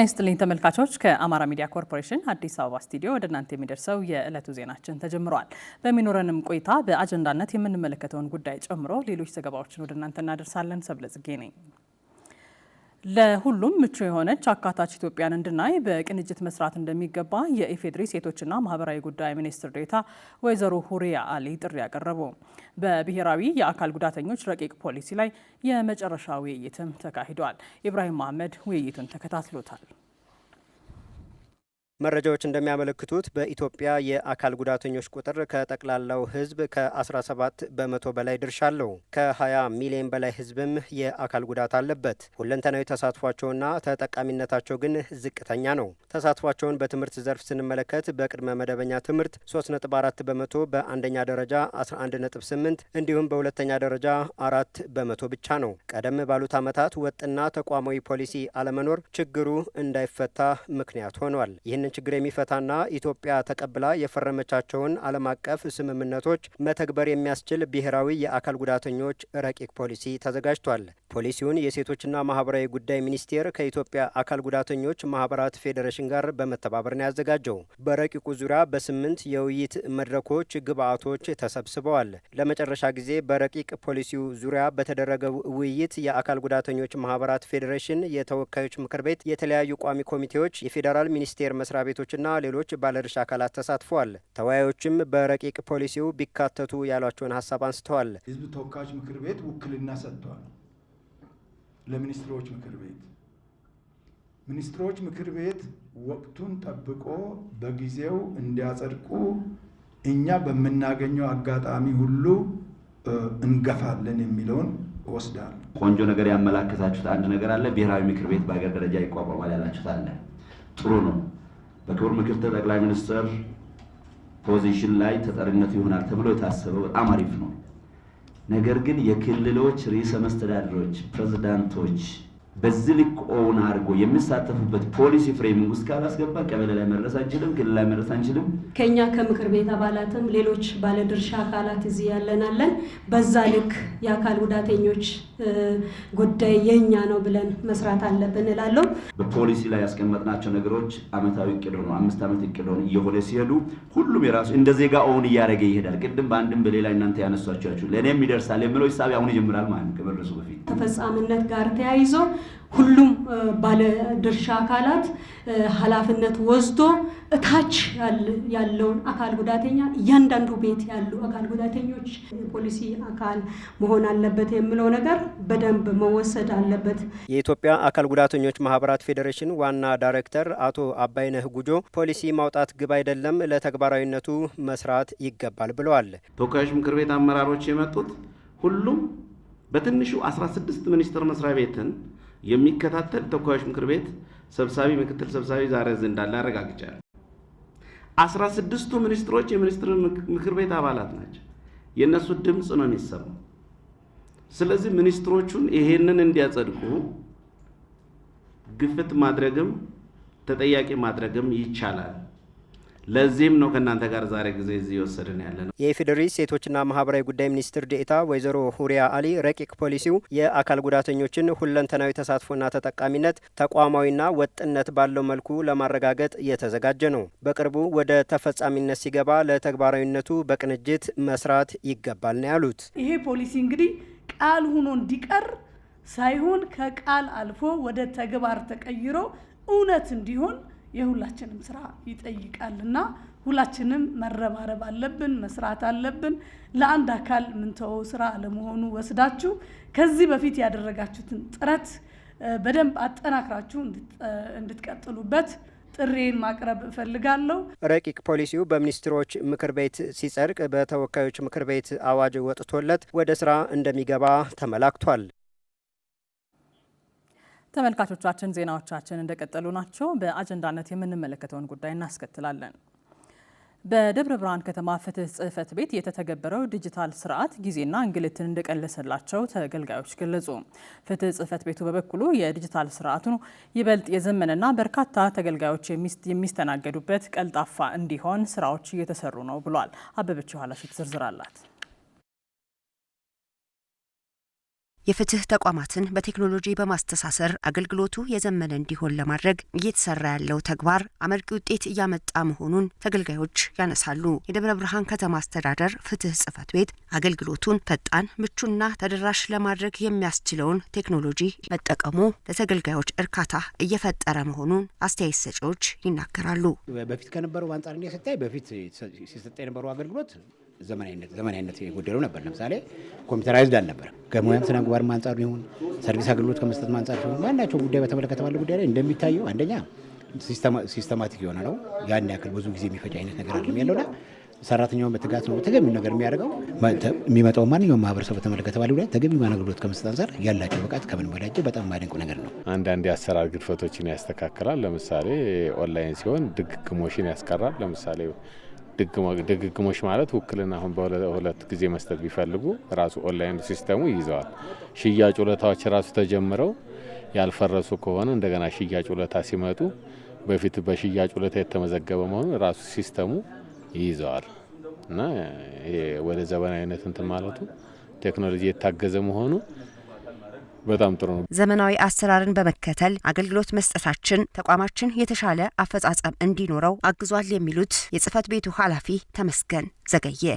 ጤና ይስጥልኝ ተመልካቾች፣ ከአማራ ሚዲያ ኮርፖሬሽን አዲስ አበባ ስቱዲዮ ወደ እናንተ የሚደርሰው የዕለቱ ዜናችን ተጀምሯል። በሚኖረንም ቆይታ በአጀንዳነት የምንመለከተውን ጉዳይ ጨምሮ ሌሎች ዘገባዎችን ወደ እናንተ እናደርሳለን። ሰብለ ጽጌ ነኝ። ለሁሉም ምቹ የሆነች አካታች ኢትዮጵያን እንድናይ በቅንጅት መስራት እንደሚገባ የኢፌዴሪ ሴቶችና ማህበራዊ ጉዳይ ሚኒስትር ዴታ ወይዘሮ ሁሪያ አሊ ጥሪ ያቀረቡ። በብሔራዊ የአካል ጉዳተኞች ረቂቅ ፖሊሲ ላይ የመጨረሻ ውይይትም ተካሂዷል። ኢብራሂም መሐመድ ውይይቱን ተከታትሎታል። መረጃዎች እንደሚያመለክቱት በኢትዮጵያ የአካል ጉዳተኞች ቁጥር ከጠቅላላው ሕዝብ ከ17 በመቶ በላይ ድርሻ አለው። ከ20 ሚሊዮን በላይ ሕዝብም የአካል ጉዳት አለበት። ሁለንተናዊ ተሳትፏቸውና ተጠቃሚነታቸው ግን ዝቅተኛ ነው። ተሳትፏቸውን በትምህርት ዘርፍ ስንመለከት በቅድመ መደበኛ ትምህርት 3.4 በመቶ፣ በአንደኛ ደረጃ 11.8 እንዲሁም በሁለተኛ ደረጃ አራት በመቶ ብቻ ነው። ቀደም ባሉት ዓመታት ወጥና ተቋማዊ ፖሊሲ አለመኖር ችግሩ እንዳይፈታ ምክንያት ሆኗል። ይህንን የኢትዮጵያን ችግር የሚፈታና ኢትዮጵያ ተቀብላ የፈረመቻቸውን ዓለም አቀፍ ስምምነቶች መተግበር የሚያስችል ብሔራዊ የአካል ጉዳተኞች ረቂቅ ፖሊሲ ተዘጋጅቷል። ፖሊሲውን የሴቶችና ማህበራዊ ጉዳይ ሚኒስቴር ከኢትዮጵያ አካል ጉዳተኞች ማህበራት ፌዴሬሽን ጋር በመተባበር ነው ያዘጋጀው። በረቂቁ ዙሪያ በስምንት የውይይት መድረኮች ግብአቶች ተሰብስበዋል። ለመጨረሻ ጊዜ በረቂቅ ፖሊሲው ዙሪያ በተደረገው ውይይት የአካል ጉዳተኞች ማህበራት ፌዴሬሽን፣ የተወካዮች ምክር ቤት፣ የተለያዩ ቋሚ ኮሚቴዎች፣ የፌዴራል ሚኒስቴር መስሪያ ቤቶችና ሌሎች ባለድርሻ አካላት ተሳትፈዋል። ተወያዮችም በረቂቅ ፖሊሲው ቢካተቱ ያሏቸውን ሀሳብ አንስተዋል። ህዝብ ተወካዮች ምክር ቤት ውክልና ሰጥተዋል። ለሚኒስትሮች ምክር ቤት ሚኒስትሮች ምክር ቤት ወቅቱን ጠብቆ በጊዜው እንዲያጸድቁ እኛ በምናገኘው አጋጣሚ ሁሉ እንገፋለን የሚለውን ወስዳል። ቆንጆ ነገር ያመላከታችሁት አንድ ነገር አለ። ብሔራዊ ምክር ቤት በሀገር ደረጃ ይቋቋማል ያላችሁት አለ። ጥሩ ነው። በክቡር ምክትል ጠቅላይ ሚኒስትር ፖዚሽን ላይ ተጠሪነቱ ይሆናል ተብሎ የታሰበው በጣም አሪፍ ነው። ነገር ግን የክልሎች ርዕሰ መስተዳድሮች ፕሬዝዳንቶች በዚህ ልክ ኦውን አድርጎ የሚሳተፉበት ፖሊሲ ፍሬሚንግ ውስጥ ካላስገባ ቀበሌ ላይ መድረስ አንችልም፣ ክልል ላይ መድረስ አንችልም። ከኛ ከምክር ቤት አባላትም ሌሎች ባለድርሻ አካላት እዚህ ያለናለን። በዛ ልክ የአካል ጉዳተኞች ጉዳይ የኛ ነው ብለን መስራት አለብን እላለሁ። በፖሊሲ ላይ ያስቀመጥናቸው ነገሮች አመታዊ እቅድ ሆነ አምስት ዓመት እቅድ ሆነ እየሆነ ሲሄዱ ሁሉም የራሱ እንደ ዜጋ ኦውን እያደረገ ይሄዳል። ቅድም በአንድም በሌላ እናንተ ያነሷቸው ለእኔም ይደርሳል የምለው ሂሳብ አሁን ይጀምራል ማለት ከመድረሱ በፊት ተፈጻሚነት ጋር ተያይዞ ሁሉም ባለድርሻ አካላት ኃላፊነት ወስዶ እታች ያለውን አካል ጉዳተኛ እያንዳንዱ ቤት ያሉ አካል ጉዳተኞች የፖሊሲ አካል መሆን አለበት የሚለው ነገር በደንብ መወሰድ አለበት። የኢትዮጵያ አካል ጉዳተኞች ማህበራት ፌዴሬሽን ዋና ዳይሬክተር አቶ አባይነህ ጉጆ ፖሊሲ ማውጣት ግብ አይደለም፣ ለተግባራዊነቱ መስራት ይገባል ብለዋል። ተወካዮች ምክር ቤት አመራሮች የመጡት ሁሉም በትንሹ 16 ሚኒስቴር መስሪያ ቤትን የሚከታተል ተወካዮች ምክር ቤት ሰብሳቢ፣ ምክትል ሰብሳቢ ዛሬ እዚህ እንዳለ አረጋግጫለሁ። አስራ ስድስቱ ሚኒስትሮች የሚኒስትር ምክር ቤት አባላት ናቸው። የእነሱ ድምፅ ነው የሚሰማው። ስለዚህ ሚኒስትሮቹን ይሄንን እንዲያጸድቁ ግፍት ማድረግም ተጠያቂ ማድረግም ይቻላል። ለዚህም ነው ከእናንተ ጋር ዛሬ ጊዜ እዚህ የወሰድን ያለ ነው። የኢፌዴሪ ሴቶችና ማህበራዊ ጉዳይ ሚኒስትር ዴኤታ ወይዘሮ ሁሪያ አሊ ረቂቅ ፖሊሲው የአካል ጉዳተኞችን ሁለንተናዊ ተሳትፎና ተጠቃሚነት ተቋማዊና ወጥነት ባለው መልኩ ለማረጋገጥ እየተዘጋጀ ነው። በቅርቡ ወደ ተፈጻሚነት ሲገባ ለተግባራዊነቱ በቅንጅት መስራት ይገባል ነው ያሉት። ይሄ ፖሊሲ እንግዲህ ቃል ሆኖ እንዲቀር ሳይሆን ከቃል አልፎ ወደ ተግባር ተቀይሮ እውነት እንዲሆን የሁላችንም ስራ ይጠይቃል እና ሁላችንም መረባረብ አለብን፣ መስራት አለብን። ለአንድ አካል ምንተው ስራ አለመሆኑ ወስዳችሁ ከዚህ በፊት ያደረጋችሁትን ጥረት በደንብ አጠናክራችሁ እንድትቀጥሉበት ጥሬን ማቅረብ እፈልጋለሁ። ረቂቅ ፖሊሲው በሚኒስትሮች ምክር ቤት ሲጸድቅ በተወካዮች ምክር ቤት አዋጅ ወጥቶለት ወደ ስራ እንደሚገባ ተመላክቷል። ተመልካቾቻችን ዜናዎቻችን እንደቀጠሉ ናቸው። በአጀንዳነት የምንመለከተውን ጉዳይ እናስከትላለን። በደብረ ብርሃን ከተማ ፍትህ ጽህፈት ቤት የተተገበረው ዲጂታል ስርዓት ጊዜና እንግልትን እንደቀለሰላቸው ተገልጋዮች ገለጹ። ፍትህ ጽህፈት ቤቱ በበኩሉ የዲጂታል ስርዓቱ ይበልጥ የዘመነና በርካታ ተገልጋዮች የሚስተናገዱበት ቀልጣፋ እንዲሆን ስራዎች እየተሰሩ ነው ብሏል። አበበች ኋላሽ ዝርዝር አላት። የፍትህ ተቋማትን በቴክኖሎጂ በማስተሳሰር አገልግሎቱ የዘመነ እንዲሆን ለማድረግ እየተሰራ ያለው ተግባር አመርቂ ውጤት እያመጣ መሆኑን ተገልጋዮች ያነሳሉ። የደብረ ብርሃን ከተማ አስተዳደር ፍትህ ጽፈት ቤት አገልግሎቱን ፈጣን፣ ምቹና ተደራሽ ለማድረግ የሚያስችለውን ቴክኖሎጂ መጠቀሙ ለተገልጋዮች እርካታ እየፈጠረ መሆኑን አስተያየት ሰጪዎች ይናገራሉ። በፊት ከነበረው በአንጻር እንዲያ ስታይ በፊት ሲሰጠ የነበረው አገልግሎት ዘመናዊነት የጎደለው ነበር። ለምሳሌ ኮምፒውተራይዝድ አልነበረም። ከሙያም ስነ ምግባር አንጻር ይሁን ሰርቪስ አገልግሎት ከመስጠት አንጻር ይሁን ማናቸው ጉዳይ በተመለከተ ባለ ጉዳይ ላይ እንደሚታየው አንደኛ ሲስተማቲክ የሆነ ነው። ያን ያክል ብዙ ጊዜ የሚፈጅ አይነት ነገር አይደለም ያለውና ሰራተኛውን በትጋት ነው ተገቢው ነገር የሚያደርገው። የሚመጣው ማንኛውም ማህበረሰብ በተመለከተ ባለ ጉዳይ ተገቢውን አገልግሎት ከመስጠት አንጻር ያላቸው ብቃት ከምን በላቸው በጣም ማደንቁ ነገር ነው። አንዳንድ የአሰራር ግድፈቶችን ያስተካክላል። ለምሳሌ ኦንላይን ሲሆን ድግግሞሽን ያስቀራል። ለምሳሌ ድግግሞች ማለት ውክልና አሁን በሁለት ጊዜ መስጠት ቢፈልጉ ራሱ ኦንላይን ሲስተሙ ይይዘዋል። ሽያጭ ውለታዎች ራሱ ተጀምረው ያልፈረሱ ከሆነ እንደገና ሽያጭ ውለታ ሲመጡ በፊት በሽያጭ ውለታ የተመዘገበ መሆኑ ራሱ ሲስተሙ ይይዘዋል እና ወደ ዘመናዊነት እንትን ማለቱ ቴክኖሎጂ የታገዘ መሆኑ በጣም ጥሩ ነው። ዘመናዊ አሰራርን በመከተል አገልግሎት መስጠታችን ተቋማችን የተሻለ አፈጻጸም እንዲኖረው አግዟል የሚሉት የጽህፈት ቤቱ ኃላፊ ተመስገን ዘገየ፣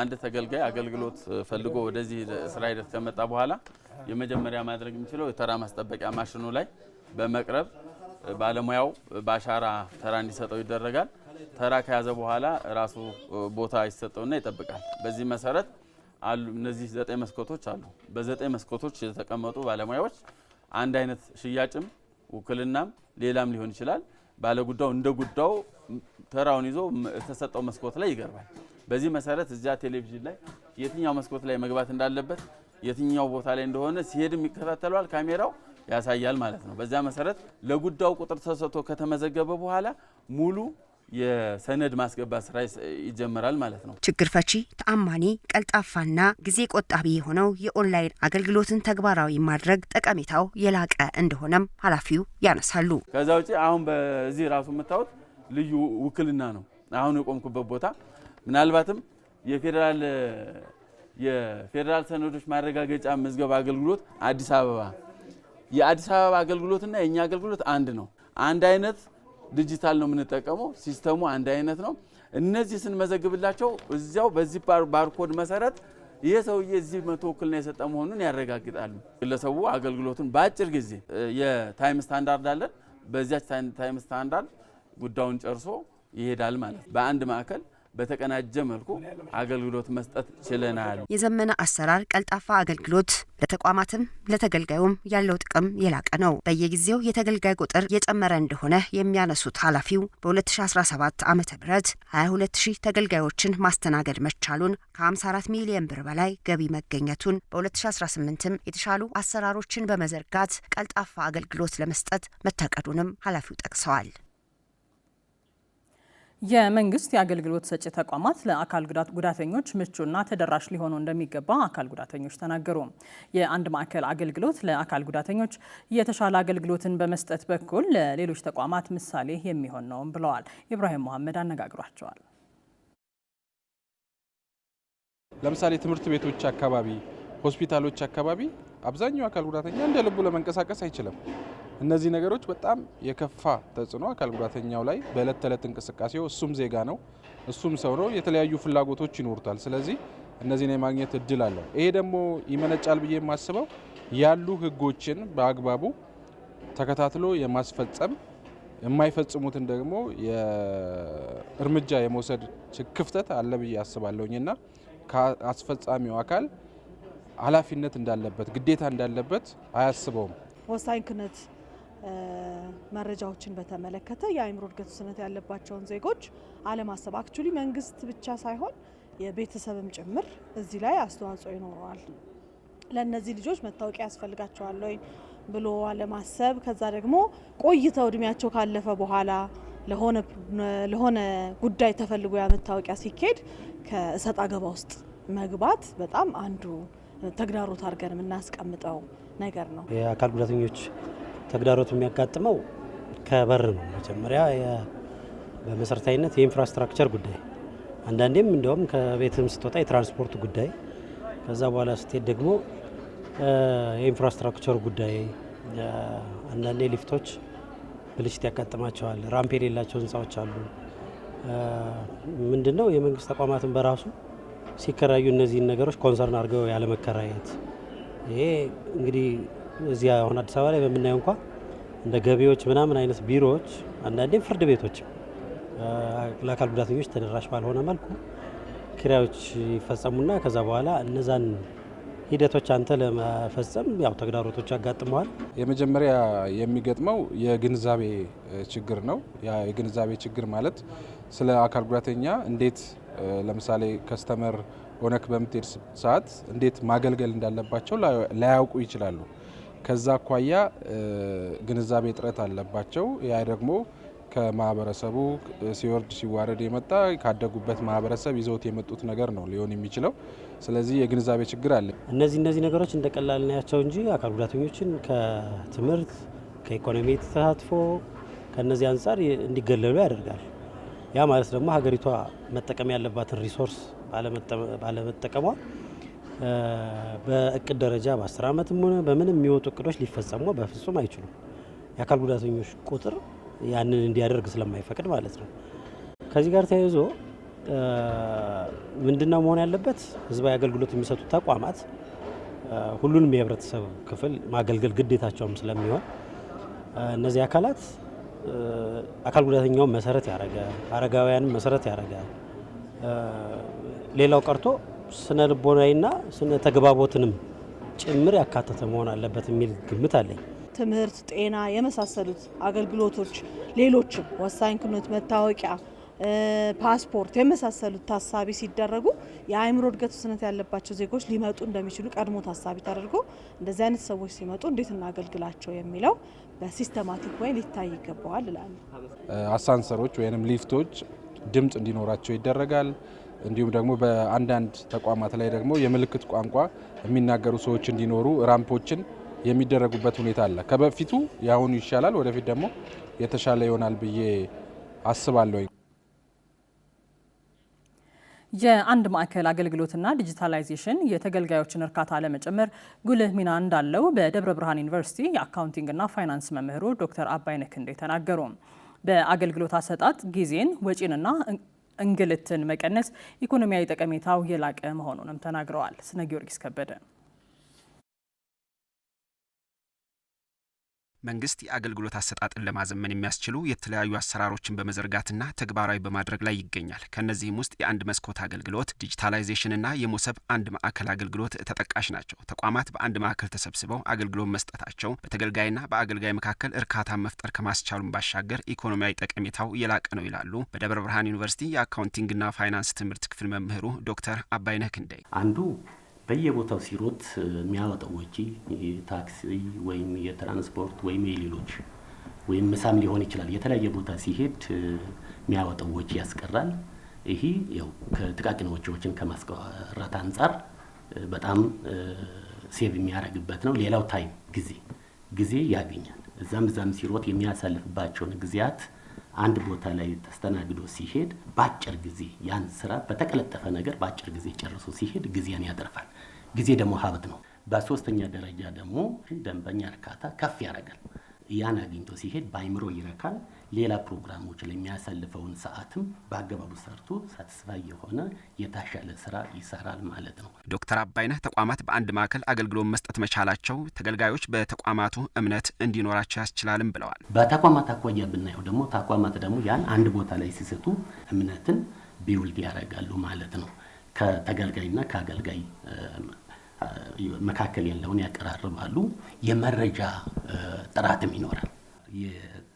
አንድ ተገልጋይ አገልግሎት ፈልጎ ወደዚህ ስራ ሂደት ከመጣ በኋላ የመጀመሪያ ማድረግ የሚችለው የተራ ማስጠበቂያ ማሽኑ ላይ በመቅረብ ባለሙያው በአሻራ ተራ እንዲሰጠው ይደረጋል። ተራ ከያዘ በኋላ ራሱ ቦታ ይሰጠውና ይጠብቃል። በዚህ መሰረት አሉ። እነዚህ ዘጠኝ መስኮቶች አሉ። በዘጠኝ መስኮቶች የተቀመጡ ባለሙያዎች አንድ አይነት ሽያጭም ውክልናም ሌላም ሊሆን ይችላል። ባለጉዳዩ እንደ ጉዳዩ ተራውን ይዞ የተሰጠው መስኮት ላይ ይገርባል። በዚህ መሰረት እዚያ ቴሌቪዥን ላይ የትኛው መስኮት ላይ መግባት እንዳለበት የትኛው ቦታ ላይ እንደሆነ ሲሄድም ይከታተለዋል፣ ካሜራው ያሳያል ማለት ነው። በዚያ መሰረት ለጉዳዩ ቁጥር ተሰጥቶ ከተመዘገበ በኋላ ሙሉ የሰነድ ማስገባት ስራ ይጀምራል ማለት ነው። ችግር ፈቺ፣ ተአማኒ፣ ቀልጣፋና ጊዜ ቆጣቢ የሆነው የኦንላይን አገልግሎትን ተግባራዊ ማድረግ ጠቀሜታው የላቀ እንደሆነም ኃላፊው ያነሳሉ። ከዛ ውጭ አሁን በዚህ ራሱ የምታዩት ልዩ ውክልና ነው። አሁን የቆምኩበት ቦታ ምናልባትም የፌዴራል የፌዴራል ሰነዶች ማረጋገጫ መዝገባ አገልግሎት አዲስ አበባ የአዲስ አበባ አገልግሎትና የእኛ አገልግሎት አንድ ነው። አንድ አይነት ዲጂታል ነው የምንጠቀመው። ሲስተሙ አንድ አይነት ነው። እነዚህ ስንመዘግብላቸው እዚያው በዚህ ባርኮድ መሰረት ይህ ሰውዬ እዚህ መቶ ውክልና የሰጠ መሆኑን ያረጋግጣሉ። ግለሰቡ አገልግሎቱን በአጭር ጊዜ የታይም ስታንዳርድ አለን። በዚያች ታይም ስታንዳርድ ጉዳዩን ጨርሶ ይሄዳል ማለት በአንድ ማዕከል በተቀናጀ መልኩ አገልግሎት መስጠት ችለናል። የዘመነ አሰራር ቀልጣፋ አገልግሎት ለተቋማትም ለተገልጋዩም ያለው ጥቅም የላቀ ነው። በየጊዜው የተገልጋይ ቁጥር የጨመረ እንደሆነ የሚያነሱት ኃላፊው በ2017 ዓ ም 22000 ተገልጋዮችን ማስተናገድ መቻሉን ከ54 ሚሊየን ብር በላይ ገቢ መገኘቱን በ2018ም የተሻሉ አሰራሮችን በመዘርጋት ቀልጣፋ አገልግሎት ለመስጠት መታቀዱንም ኃላፊው ጠቅሰዋል። የመንግስት የአገልግሎት ሰጪ ተቋማት ለአካል ጉዳተኞች ምቹና ተደራሽ ሊሆኑ እንደሚገባ አካል ጉዳተኞች ተናገሩ። የአንድ ማዕከል አገልግሎት ለአካል ጉዳተኞች የተሻለ አገልግሎትን በመስጠት በኩል ለሌሎች ተቋማት ምሳሌ የሚሆን ነውም ብለዋል። ኢብራሂም መሐመድ አነጋግሯቸዋል። ለምሳሌ ትምህርት ቤቶች አካባቢ፣ ሆስፒታሎች አካባቢ አብዛኛው አካል ጉዳተኛ እንደ ልቡ ለመንቀሳቀስ አይችልም። እነዚህ ነገሮች በጣም የከፋ ተጽዕኖ አካል ጉዳተኛው ላይ በእለት ተዕለት እንቅስቃሴው እሱም ዜጋ ነው፣ እሱም ሰው ነው። የተለያዩ ፍላጎቶች ይኖሩታል። ስለዚህ እነዚህን የማግኘት እድል አለው። ይሄ ደግሞ ይመነጫል ብዬ የማስበው ያሉ ህጎችን በአግባቡ ተከታትሎ የማስፈጸም የማይፈጽሙትን ደግሞ የእርምጃ የመውሰድ ክፍተት አለ ብዬ አስባለሁኝና ከአስፈጻሚው አካል ኃላፊነት እንዳለበት ግዴታ እንዳለበት አያስበውም። ወሳኝ ክነት መረጃዎችን በተመለከተ የአእምሮ እድገት ውስንነት ያለባቸውን ዜጎች አለማሰብ አክቹሊ መንግስት ብቻ ሳይሆን የቤተሰብም ጭምር እዚህ ላይ አስተዋጽኦ ይኖረዋል። ለእነዚህ ልጆች መታወቂያ ያስፈልጋቸዋል ወይ ብሎ አለማሰብ፣ ከዛ ደግሞ ቆይተው እድሜያቸው ካለፈ በኋላ ለሆነ ጉዳይ ተፈልጎ ያ መታወቂያ ሲካሄድ ከእሰጥ አገባ ውስጥ መግባት በጣም አንዱ ተግዳሮት አድርገን የምናስቀምጠው ነገር ነው። የአካል ጉዳተኞች ተግዳሮት የሚያጋጥመው ከበር ነው። መጀመሪያ በመሰረታዊነት የኢንፍራስትራክቸር ጉዳይ፣ አንዳንዴም እንዲያውም ከቤትም ስትወጣ የትራንስፖርት ጉዳይ፣ ከዛ በኋላ ስትሄድ ደግሞ የኢንፍራስትራክቸር ጉዳይ፣ አንዳንዴ ሊፍቶች ብልሽት ያጋጥማቸዋል። ራምፕ የሌላቸው ህንፃዎች አሉ። ምንድነው የመንግስት ተቋማትን በራሱ ሲከራዩ እነዚህን ነገሮች ኮንሰርን አድርገው ያለመከራየት ይሄ እንግዲህ እዚህ አሁን አዲስ አበባ ላይ በምናየው እንኳ እንደ ገቢዎች ምናምን አይነት ቢሮዎች አንዳንዴም ፍርድ ቤቶች ለአካል ጉዳተኞች ተደራሽ ባልሆነ መልኩ ክሪያዎች ይፈጸሙና ከዛ በኋላ እነዛን ሂደቶች አንተ ለመፈጸም ያው ተግዳሮቶች ያጋጥመዋል። የመጀመሪያ የሚገጥመው የግንዛቤ ችግር ነው። ያ የግንዛቤ ችግር ማለት ስለ አካል ጉዳተኛ እንዴት ለምሳሌ ከስተመር ሆነክ በምትሄድ ሰዓት እንዴት ማገልገል እንዳለባቸው ላያውቁ ይችላሉ። ከዛ አኳያ ግንዛቤ እጥረት አለባቸው። ያ ደግሞ ከማህበረሰቡ ሲወርድ ሲዋረድ የመጣ ካደጉበት ማህበረሰብ ይዘውት የመጡት ነገር ነው ሊሆን የሚችለው። ስለዚህ የግንዛቤ ችግር አለ። እነዚህ እነዚህ ነገሮች እንደ ቀላል ናያቸው እንጂ አካል ጉዳተኞችን ከትምህርት ከኢኮኖሚ ተሳትፎ ከእነዚህ አንጻር እንዲገለሉ ያደርጋል። ያ ማለት ደግሞ ሀገሪቷ መጠቀም ያለባትን ሪሶርስ ባለመጠቀሟ በእቅድ ደረጃ በአስር ዓመትም ሆነ በምንም የሚወጡ እቅዶች ሊፈጸሙ በፍጹም አይችሉም። የአካል ጉዳተኞች ቁጥር ያንን እንዲያደርግ ስለማይፈቅድ ማለት ነው። ከዚህ ጋር ተያይዞ ምንድነው መሆን ያለበት? ህዝባዊ አገልግሎት የሚሰጡ ተቋማት ሁሉንም የህብረተሰብ ክፍል ማገልገል ግዴታቸውም ስለሚሆን እነዚህ አካላት አካል ጉዳተኛውን መሰረት ያደረገ አረጋውያንም መሰረት ያደረገ ሌላው ቀርቶ ስነ ልቦናዊና ስነ ተግባቦትንም ጭምር ያካተተ መሆን አለበት የሚል ግምት አለኝ። ትምህርት፣ ጤና የመሳሰሉት አገልግሎቶች ሌሎችም ወሳኝ ክኖት መታወቂያ፣ ፓስፖርት የመሳሰሉት ታሳቢ ሲደረጉ የአእምሮ እድገት ውስንነት ያለባቸው ዜጎች ሊመጡ እንደሚችሉ ቀድሞ ታሳቢ ተደርጎ እንደዚህ አይነት ሰዎች ሲመጡ እንዴት እናገልግላቸው የሚለው በሲስተማቲክ ወይ ሊታይ ይገባዋል እላለሁ። አሳንሰሮች ወይም ሊፍቶች ድምፅ እንዲኖራቸው ይደረጋል። እንዲሁም ደግሞ በአንዳንድ ተቋማት ላይ ደግሞ የምልክት ቋንቋ የሚናገሩ ሰዎች እንዲኖሩ ራምፖችን የሚደረጉበት ሁኔታ አለ። ከበፊቱ የአሁኑ ይሻላል፣ ወደፊት ደግሞ የተሻለ ይሆናል ብዬ አስባለሁ። የአንድ ማዕከል አገልግሎትና ዲጂታላይዜሽን የተገልጋዮችን እርካታ ለመጨመር ጉልህ ሚና እንዳለው በደብረ ብርሃን ዩኒቨርሲቲ የአካውንቲንግና ፋይናንስ መምህሩ ዶክተር አባይነክ እንዴ ተናገሩ። በአገልግሎት አሰጣጥ ጊዜን ወጪንና እንግልትን መቀነስ ኢኮኖሚያዊ ጠቀሜታው የላቀ መሆኑንም ተናግረዋል። ስነ ጊዮርጊስ ከበደ መንግስት የአገልግሎት አሰጣጥን ለማዘመን የሚያስችሉ የተለያዩ አሰራሮችን በመዘርጋትና ተግባራዊ በማድረግ ላይ ይገኛል። ከእነዚህም ውስጥ የአንድ መስኮት አገልግሎት፣ ዲጂታላይዜሽንና የሞሰብ አንድ ማዕከል አገልግሎት ተጠቃሽ ናቸው። ተቋማት በአንድ ማዕከል ተሰብስበው አገልግሎት መስጠታቸው በተገልጋይና በአገልጋይ መካከል እርካታ መፍጠር ከማስቻሉም ባሻገር ኢኮኖሚያዊ ጠቀሜታው የላቀ ነው ይላሉ በደብረ ብርሃን ዩኒቨርሲቲ የአካውንቲንግና ፋይናንስ ትምህርት ክፍል መምህሩ ዶክተር አባይነህ ክንደይ። አንዱ በየቦታው ሲሮት የሚያወጣው ወጪ ታክሲ ወይም የትራንስፖርት ወይም የሌሎች ወይም ምሳም ሊሆን ይችላል። የተለያየ ቦታ ሲሄድ የሚያወጣው ወጪ ያስቀራል። ይሄ ያው ከጥቃቅን ወጪዎችን ከማስቀረት አንጻር በጣም ሴቭ የሚያደርግበት ነው። ሌላው ታይም ጊዜ ጊዜ ያገኛል። እዛም እዛም ሲሮት የሚያሳልፍባቸውን ጊዜያት አንድ ቦታ ላይ ተስተናግዶ ሲሄድ በአጭር ጊዜ ያን ስራ በተቀለጠፈ ነገር በአጭር ጊዜ ጨርሶ ሲሄድ ጊዜን ያጠርፋል። ጊዜ ደግሞ ሀብት ነው። በሶስተኛ ደረጃ ደግሞ ደንበኛ እርካታ ከፍ ያደርጋል። ያን አግኝቶ ሲሄድ በአይምሮ ይረካል። ሌላ ፕሮግራሞች ለሚያሳልፈውን የሚያሳልፈውን ሰዓትም በአገባቡ ሰርቶ ሳትስፋይ የሆነ የታሻለ ስራ ይሰራል ማለት ነው። ዶክተር አባይነህ ተቋማት በአንድ ማዕከል አገልግሎት መስጠት መቻላቸው ተገልጋዮች በተቋማቱ እምነት እንዲኖራቸው ያስችላልም ብለዋል። በተቋማት አኳያ ብናየው ደግሞ ተቋማት ደግሞ ያን አንድ ቦታ ላይ ሲሰጡ እምነትን ቢውልድ ያደርጋሉ ማለት ነው። ከተገልጋይና ከአገልጋይ መካከል ያለውን ያቀራርባሉ። የመረጃ ጥራትም ይኖራል።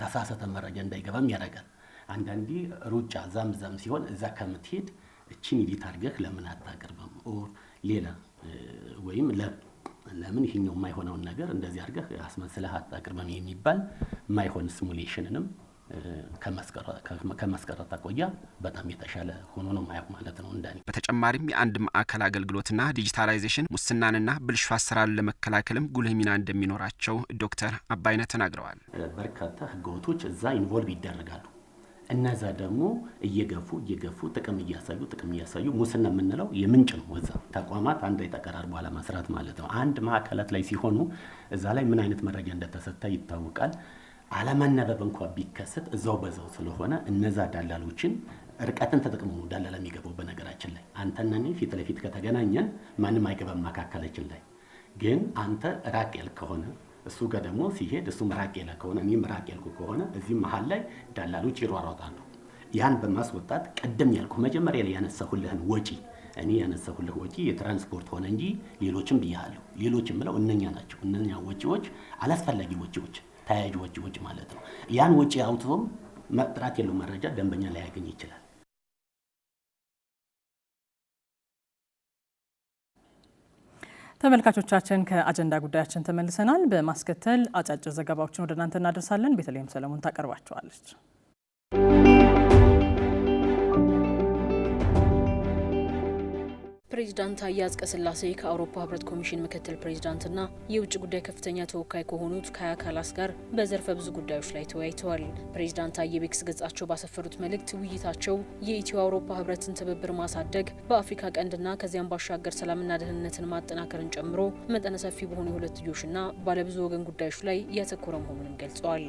ተሳሳተ መረጃ እንዳይገባም ያደርጋል። አንዳንዴ ሩጫ ዛም ዛም ሲሆን እዛ ከምትሄድ እቺን ኢዲት አድርገህ ለምን አታቀርብም? ኦር ሌላ ወይም ለምን ይሄኛው የማይሆነውን ነገር እንደዚህ አድርገህ አስመስለህ አታቅርበም የሚባል ማይሆን ሲሙሌሽንንም ከመስቀረት አቆያ በጣም የተሻለ ሆኖ ነው ማየው ማለት ነው። እንደኔ በተጨማሪም የአንድ ማዕከል አገልግሎትና ዲጂታላይዜሽን ሙስናንና ብልሹ አሰራርን ለመከላከልም ጉልህ ሚና እንደሚኖራቸው ዶክተር አባይነህ ተናግረዋል። በርካታ ህገወጦች እዛ ኢንቮልቭ ይደረጋሉ። እነዛ ደግሞ እየገፉ እየገፉ ጥቅም እያሳዩ ጥቅም እያሳዩ ሙስና የምንለው የምንጭ ነው። እዛ ተቋማት አንድ ላይ ተቀራርቦ ለመስራት ማለት ነው። አንድ ማዕከላት ላይ ሲሆኑ እዛ ላይ ምን አይነት መረጃ እንደተሰጠ ይታወቃል። አለመናበብ እንኳ ቢከሰት እዛው በዛው ስለሆነ እነዛ ዳላሎችን ርቀትን ተጠቅሞ ነው ዳላላ የሚገባው። በነገራችን ላይ አንተና እኔ ፊት ለፊት ከተገናኘን ማንም አይገባም መካከላችን ላይ። ግን አንተ ራቅ ያልክ ከሆነ እሱ ጋር ደግሞ ሲሄድ እሱም ራቅ ያለ ከሆነ እኔም ራቅ ያልኩ ከሆነ እዚህ መሀል ላይ ዳላሎች ይሯሯጣሉ። ያን በማስወጣት ቀደም ያልኩ መጀመሪያ ላይ ያነሳሁልህን ወጪ እኔ ያነሳሁልህ ወጪ የትራንስፖርት ሆነ እንጂ ሌሎችም ብያለሁ። ሌሎች የምለው እነኛ ናቸው። እነኛ ወጪዎች አላስፈላጊ ወጪዎች ተያያዥ ውጭ ማለት ነው። ያን ወጪ አውጥቶ መጥራት የለው መረጃ ደንበኛ ላያገኝ ይችላል። ተመልካቾቻችን ከአጀንዳ ጉዳያችን ተመልሰናል። በማስከተል አጫጭር ዘገባዎችን ወደ እናንተ እናደርሳለን። ቤተልሔም ሰለሞን ታቀርባቸዋለች። ፕሬዚዳንት ታዬ አጽቀሥላሴ ከአውሮፓ ህብረት ኮሚሽን ምክትል ፕሬዚዳንትና የውጭ ጉዳይ ከፍተኛ ተወካይ ከሆኑት ካያ ካላስ ጋር በዘርፈ ብዙ ጉዳዮች ላይ ተወያይተዋል። ፕሬዚዳንት ታዬ ገጻቸው ባሰፈሩት መልእክት ውይይታቸው የኢትዮ አውሮፓ ህብረትን ትብብር ማሳደግ፣ በአፍሪካ ቀንድና ከዚያም ባሻገር ሰላምና ደህንነትን ማጠናከርን ጨምሮ መጠነ ሰፊ በሆኑ የሁለትዮሽና ባለብዙ ወገን ጉዳዮች ላይ ያተኮረ መሆኑንም ገልጸዋል።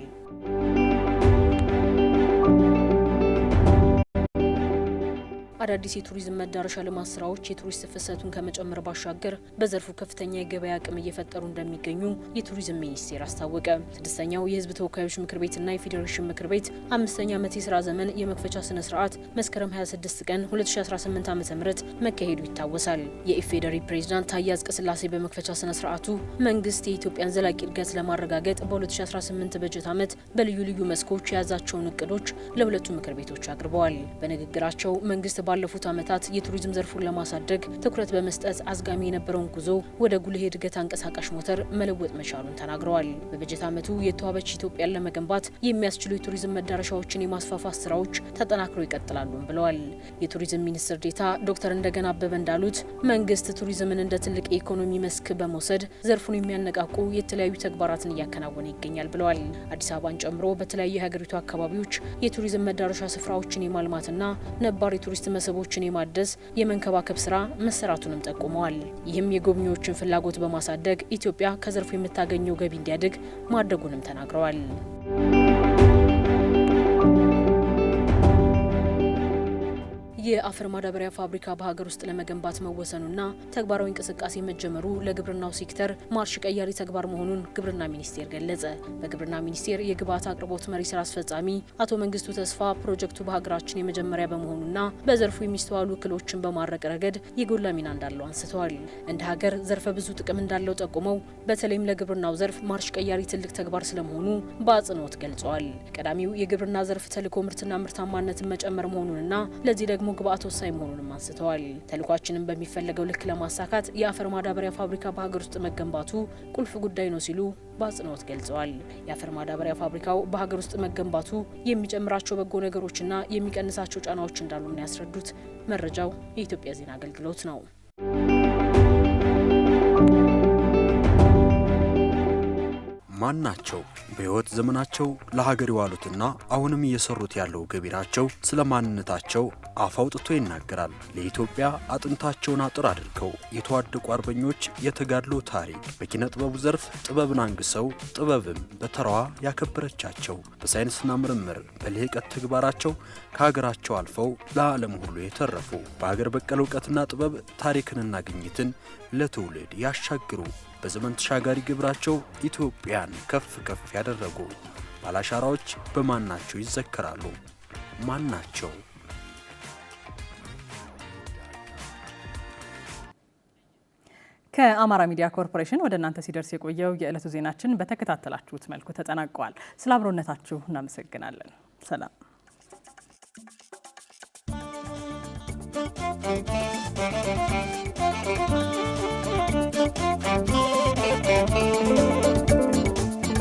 አዳዲስ የቱሪዝም መዳረሻ ልማት ስራዎች የቱሪስት ፍሰቱን ከመጨመር ባሻገር በዘርፉ ከፍተኛ የገበያ አቅም እየፈጠሩ እንደሚገኙ የቱሪዝም ሚኒስቴር አስታወቀ። ስድስተኛው የህዝብ ተወካዮች ምክር ቤትና የፌዴሬሽን ምክር ቤት አምስተኛ ዓመት የስራ ዘመን የመክፈቻ ስነ ስርዓት መስከረም 26 ቀን 2018 ዓ ም መካሄዱ ይታወሳል። የኢፌዴሪ ፕሬዝዳንት ታዬ አጽቀሥላሴ በመክፈቻ ስነ ስርዓቱ መንግስት የኢትዮጵያን ዘላቂ እድገት ለማረጋገጥ በ2018 በጀት ዓመት በልዩ ልዩ መስኮች የያዛቸውን እቅዶች ለሁለቱ ምክር ቤቶች አቅርበዋል። በንግግራቸው መንግስት ባለ ባለፉት ዓመታት የቱሪዝም ዘርፉን ለማሳደግ ትኩረት በመስጠት አዝጋሚ የነበረውን ጉዞ ወደ ጉልህ እድገት አንቀሳቃሽ ሞተር መለወጥ መቻሉን ተናግረዋል። በበጀት ዓመቱ የተዋበች ኢትዮጵያን ለመገንባት የሚያስችሉ የቱሪዝም መዳረሻዎችን የማስፋፋት ስራዎች ተጠናክረው ይቀጥላሉም ብለዋል። የቱሪዝም ሚኒስትር ዴታ ዶክተር እንደገና አበበ እንዳሉት መንግስት ቱሪዝምን እንደ ትልቅ የኢኮኖሚ መስክ በመውሰድ ዘርፉን የሚያነቃቁ የተለያዩ ተግባራትን እያከናወነ ይገኛል ብለዋል። አዲስ አበባን ጨምሮ በተለያዩ የሀገሪቱ አካባቢዎች የቱሪዝም መዳረሻ ስፍራዎችን የማልማትና ነባር የቱሪስት መ መስህቦችን የማደስ የመንከባከብ ስራ መሰራቱንም ጠቁመዋል። ይህም የጎብኚዎችን ፍላጎት በማሳደግ ኢትዮጵያ ከዘርፉ የምታገኘው ገቢ እንዲያድግ ማድረጉንም ተናግረዋል። የአፈር ማዳበሪያ ፋብሪካ በሀገር ውስጥ ለመገንባት መወሰኑና ተግባራዊ እንቅስቃሴ መጀመሩ ለግብርናው ሴክተር ማርሽ ቀያሪ ተግባር መሆኑን ግብርና ሚኒስቴር ገለጸ። በግብርና ሚኒስቴር የግብዓት አቅርቦት መሪ ስራ አስፈጻሚ አቶ መንግስቱ ተስፋ ፕሮጀክቱ በሀገራችን የመጀመሪያ በመሆኑና በዘርፉ የሚስተዋሉ እክሎችን በማድረቅ ረገድ የጎላ ሚና እንዳለው አንስተዋል። እንደ ሀገር ዘርፈ ብዙ ጥቅም እንዳለው ጠቁመው በተለይም ለግብርናው ዘርፍ ማርሽ ቀያሪ ትልቅ ተግባር ስለመሆኑ በአጽንኦት ገልጸዋል። ቀዳሚው የግብርና ዘርፍ ተልዕኮ ምርትና ምርታማነትን መጨመር መሆኑንና ለዚህ ደግሞ ግብአት ወሳኝ መሆኑንም አንስተዋል። ተልኳችንን በሚፈለገው ልክ ለማሳካት የአፈር ማዳበሪያ ፋብሪካ በሀገር ውስጥ መገንባቱ ቁልፍ ጉዳይ ነው ሲሉ በአጽንኦት ገልጸዋል። የአፈር ማዳበሪያ ፋብሪካው በሀገር ውስጥ መገንባቱ የሚጨምራቸው በጎ ነገሮችና የሚቀንሳቸው ጫናዎች እንዳሉ ያስረዱት። መረጃው የኢትዮጵያ ዜና አገልግሎት ነው። ማን ናቸው? በሕይወት ዘመናቸው ለሀገር የዋሉትና አሁንም እየሰሩት ያለው ገቢራቸው ስለ ማንነታቸው አፋውጥቶ አውጥቶ ይናገራል። ለኢትዮጵያ አጥንታቸውን አጥር አድርገው የተዋደቁ አርበኞች የተጋድሎ ታሪክ በኪነ ጥበቡ ዘርፍ ጥበብን አንግሰው ጥበብም በተራዋ ያከበረቻቸው በሳይንስና ምርምር በልህቀት ተግባራቸው ከሀገራቸው አልፈው ለዓለም ሁሉ የተረፉ በሀገር በቀል እውቀትና ጥበብ ታሪክንና ግኝትን ለትውልድ ያሻግሩ በዘመን ተሻጋሪ ግብራቸው ኢትዮጵያን ከፍ ከፍ ያደረጉ ባላሻራዎች በማናቸው ይዘከራሉ? ማናቸው? ከአማራ ሚዲያ ኮርፖሬሽን ወደ እናንተ ሲደርስ የቆየው የዕለቱ ዜናችን በተከታተላችሁት መልኩ ተጠናቀዋል። ስለ አብሮነታችሁ እናመሰግናለን። ሰላም